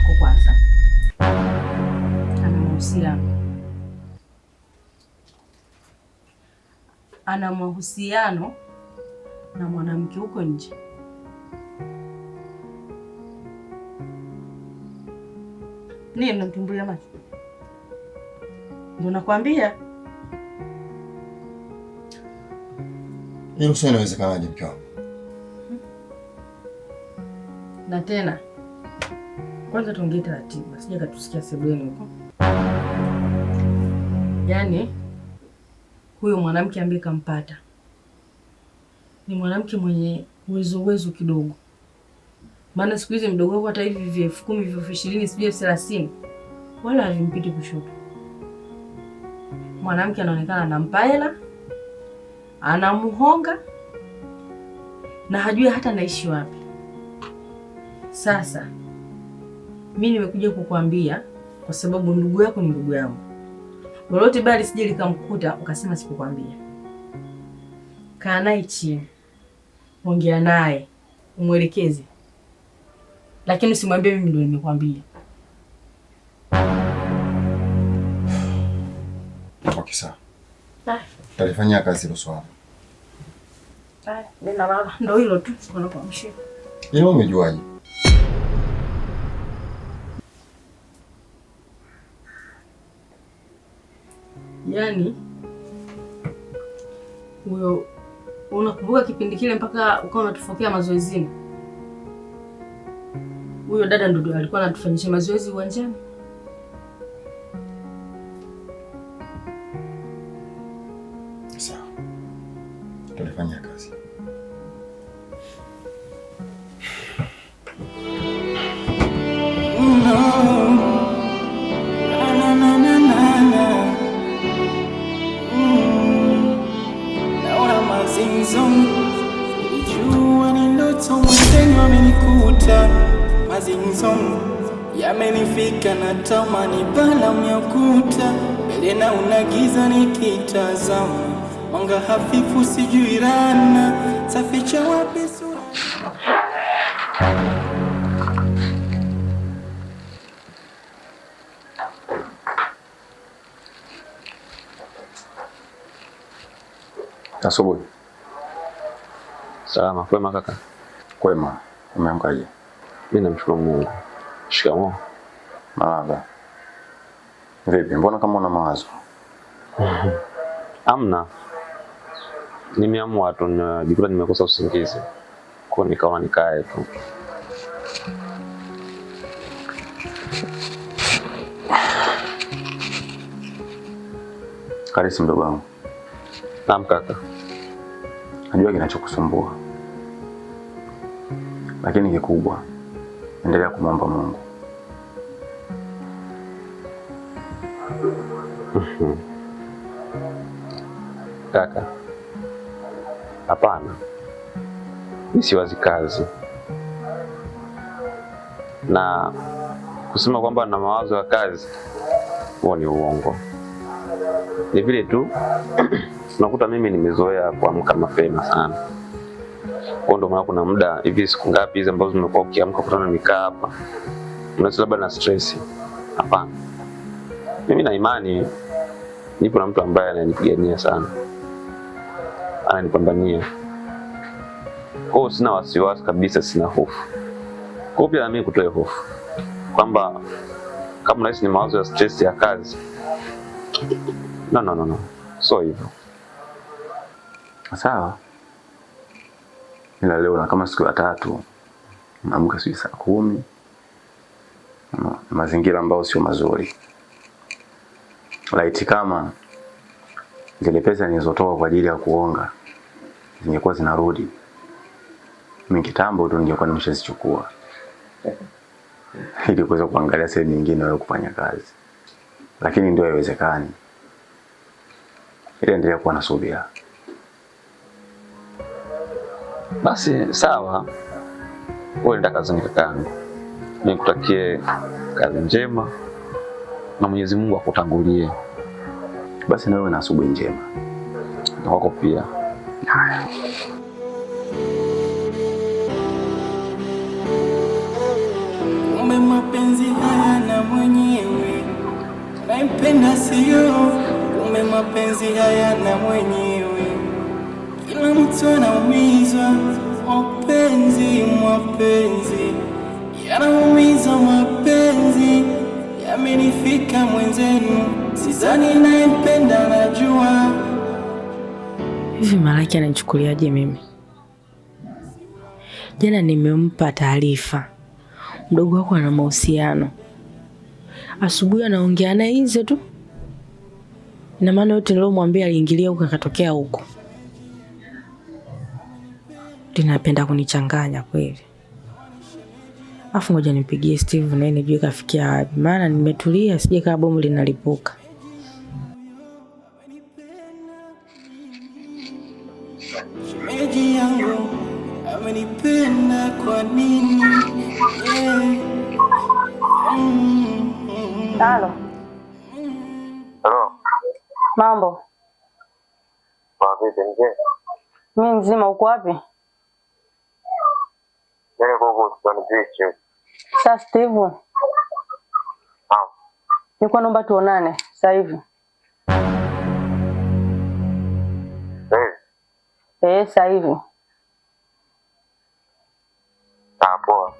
yako kwanza, ana mahusiano ana mahusiano na mwanamke huko nje. Nini namtumbulia macho? Ndio nakwambia hilo sio inawezekanaje, mke wangu. Na tena kwanza tuongee taratibu, asije katusikia sebuleni huko. Yaani huyo mwanamke ambaye kampata ni mwanamke mwenye uwezo uwezo kidogo, maana siku hizi mdogo wako hata hivi hivi elfu kumi elfu ishirini sijui elfu thelathini wala havimpiti kushoto. Mwanamke anaonekana anampa hela, anamhonga na hajui hata naishi wapi. Sasa mi nimekuja kukwambia kwa sababu ndugu yako ni ndugu yangu, lolote bali sije likamkuta ukasema sikukwambia. Kaa naye chini, ongea naye, umwelekeze, lakini usimwambie mimi ndio nimekwambia. Okay, sawa. Ah. Talifanyia kazi hilo swala. Ah, ndio hilo tu. Umejuaje? yani huyo, unakumbuka kipindi kile mpaka ukawa unatufokea mazoezini? Huyo dada ndo alikuwa anatufanyisha mazoezi uwanjani. Sawa, tulifanya kazi nimefika na tamani bala ya kuta mbele na unagiza nikitazama mwanga hafifu sijui rana saficha wapi sura Asubuhi. Salama. Kwema kaka? Kwema. Umeamkaje? Mimi namshukuru Mungu. Shikamoo. Malava, vipi? Mbona kama una mawazo? Amna, nimeamua tu, najikuta nimekosa usingizi kwa, nikaona nikae tu. Karisi mdogo wangu. Naam kaka, najua kinachokusumbua, lakini kikubwa, endelea kumwomba Mungu Hmm. Kaka, hapana, mi siwazi kazi na kusema kwamba na mawazo ya kazi, huo ni uongo. Ni vile tu unakuta mimi nimezoea kuamka mapema sana, kwa ndio maana kuna muda hivi, siku ngapi hizi ambazo nimekuwa ukiamka kutana nikaa hapa, unaweza labda na stress. Hapana, mimi na imani nipo na mtu ambaye ananipigania sana, ananipambania kwao. Sina wasiwasi kabisa, sina hofu kwao. Pia nami kutoe hofu kwamba kama nahisi ni mawazo ya stress ya kazi, no, no, no, no. So hivyo sawa, ila leo na kama siku ya tatu naamka sijui saa kumi mazingira ambayo sio mazuri. Laiti kama zile pesa nilizotoa kwa ajili ya kuonga zingekuwa zinarudi. Mimi kitambo tu ningekuwa nimeshazichukua ili kuweza kuangalia sehemu nyingine au kufanya kazi, lakini ndio haiwezekani. Ili endelea kuwa na subira. Basi sawa, wewe nenda kazini kakaangu, nikutakie kazi njema na Mwenyezi Mungu akutangulie. Basi na wewe na asubuhi njema na wako pia. Haya. Kumbe mapenzi hayana mwenyewe, naipenda sio? Kumbe mapenzi hayana mwenyewe, kila mtu anaumizwa. Mapenzi mapenzi yanaumiza mapenzi amenifika mwenzenu, sizani nayempenda, najua. Hivi Malaki ananichukuliaje mimi? Jana nimempa taarifa, mdogo wako ana mahusiano. Asubuhi anaongea naye hizo tu, na maana yote niliomwambia aliingilia huko, akatokea huko. Linapenda kunichanganya kweli afu ngoja nimpigie Steve naye nijue kafikia wapi, maana nimetulia, sije kama bomu linalipuka. Eh. Halo. Halo. Mambo. Ah, Mimi nzima, uko wapi? Niko yaani sasa Steve, nilikuwa naomba tuonane sasa hivi eh, eh sasa hivi ah, hapo.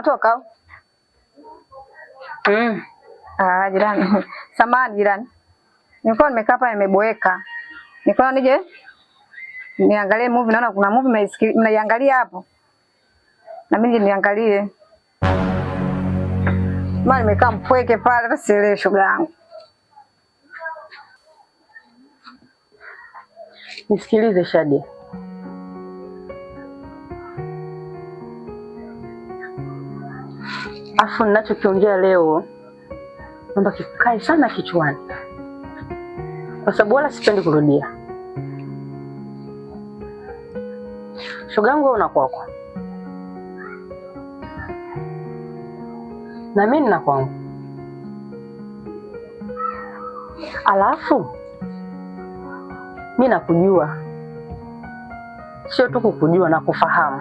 unatoka mm. Ah, jirani samani, jirani, nilikuwa nimekaa hapa nimeboeka, nilikuwa nije niangalie movie, naona kuna movie mnaiangalia hapo, na mimi niangalie, maana nimekaa mpweke pale. Basi ile shughuli yangu, nisikilize Shadia afu ninachokiongea leo naomba kikae sana kichwani, kwa sababu wala sipendi kurudia. Shoga yangu, una kwako na mimi nina kwangu, alafu mimi nakujua, sio tu kukujua na kufahamu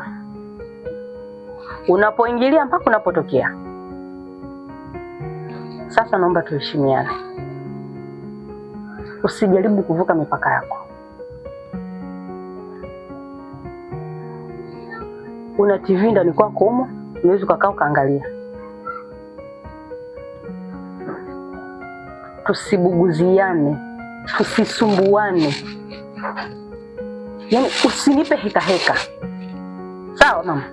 unapoingilia mpaka unapotokea. Sasa naomba tuheshimiane, usijaribu kuvuka mipaka yako. Una TV ndani kwako humo, unaweza ukakaa ukaangalia. Tusibuguziane, tusisumbuane, yaani usinipe heka heka. Sawa mama,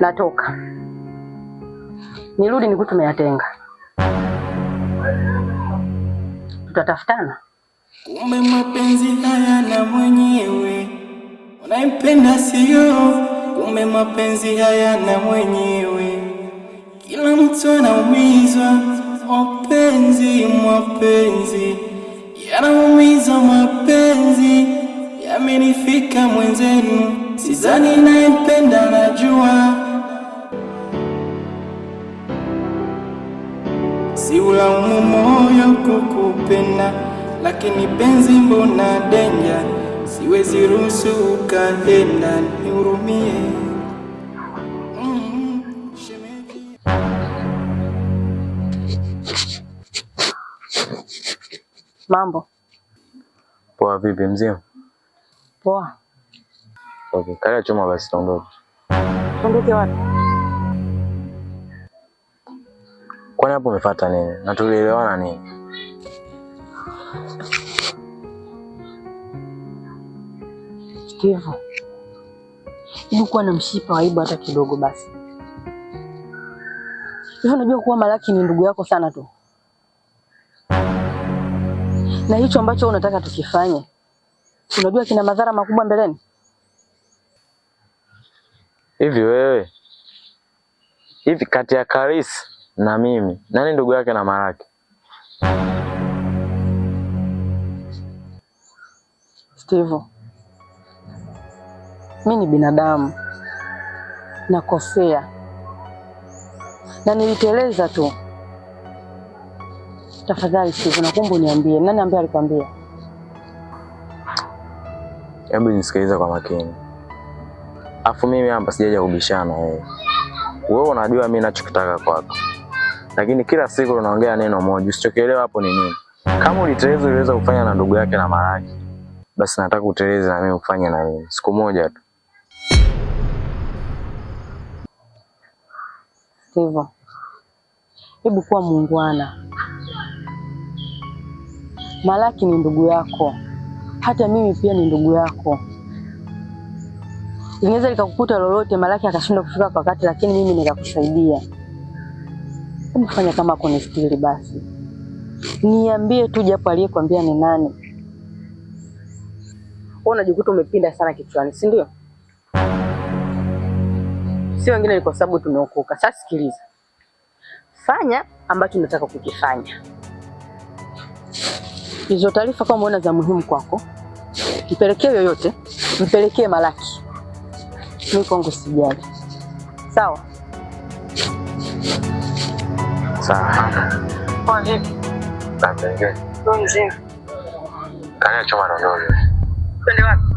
natoka nirudi nikuta tumeyatenga, tutatafutana. Kumbe mapenzi haya na mwenyewe unaimpenda, sio? Kumbe mapenzi haya na mwenyewe kila mtu anaumizwa, mapenzi mapenzi yanaumiza, mapenzi yamenifika mwenzenu, sizani naimpenda, najua siulaumu moyo kukupenda, lakini penzi mbona denja, siwezi ruhusu ukaenda, nihurumie urumie mm-hmm. mambo poa, vipi? Mzima poa. Okay, kale chuma basi, tuondoke. Tuondoke wapi? Kwani hapo umefata nini? Na tulielewana nini? Hivyo ili kuwa na mshipa wa aibu hata kidogo basi. Hivyo unajua kuwa Malaki ni ndugu yako sana tu, na hicho ambacho unataka tukifanye, unajua kina madhara makubwa mbeleni. Hivi wewe, hivi kati ya Karisi na mimi. Nani ndugu yake na maraki? Steve, mi ni binadamu, nakosea na niliteleza tu. Tafadhali Steve, nakuomba uniambie, nani ambaye alikwambia? Hebu nisikilize kwa makini, afu mimi hapa sijaja kubishana wewe. Wewe unajua mimi nachokitaka kwako lakini kila siku tunaongea neno moja. Usichokielewa hapo ni nini? Kama uliteleza uliweza kufanya na ndugu yake na maraki, basi nataka uteleze na mimi ufanye na mimi siku moja tu. Hivyo hebu kuwa muungwana. Malaki ni ndugu yako, hata mimi pia ni ndugu yako. inaweza likakukuta lolote, Malaki akashindwa kufika kwa wakati, lakini mimi nikakusaidia. Hebu fanya kama kunistiri basi, niambie tu japo aliyekwambia ni nani. Wewe unajikuta umepinda sana kichwani, si ndio? Si wengine ni kwa sababu tumeokoka. Sasa sikiliza, fanya ambacho unataka kukifanya. Hizo taarifa kama unaona za muhimu kwako, mpelekee yoyote, mpelekee Malaki. Mimi kwangu sijali, sawa? Sawa. Kwa vipi? Ndio mzima. Kale chuma ndio. Twende wapi?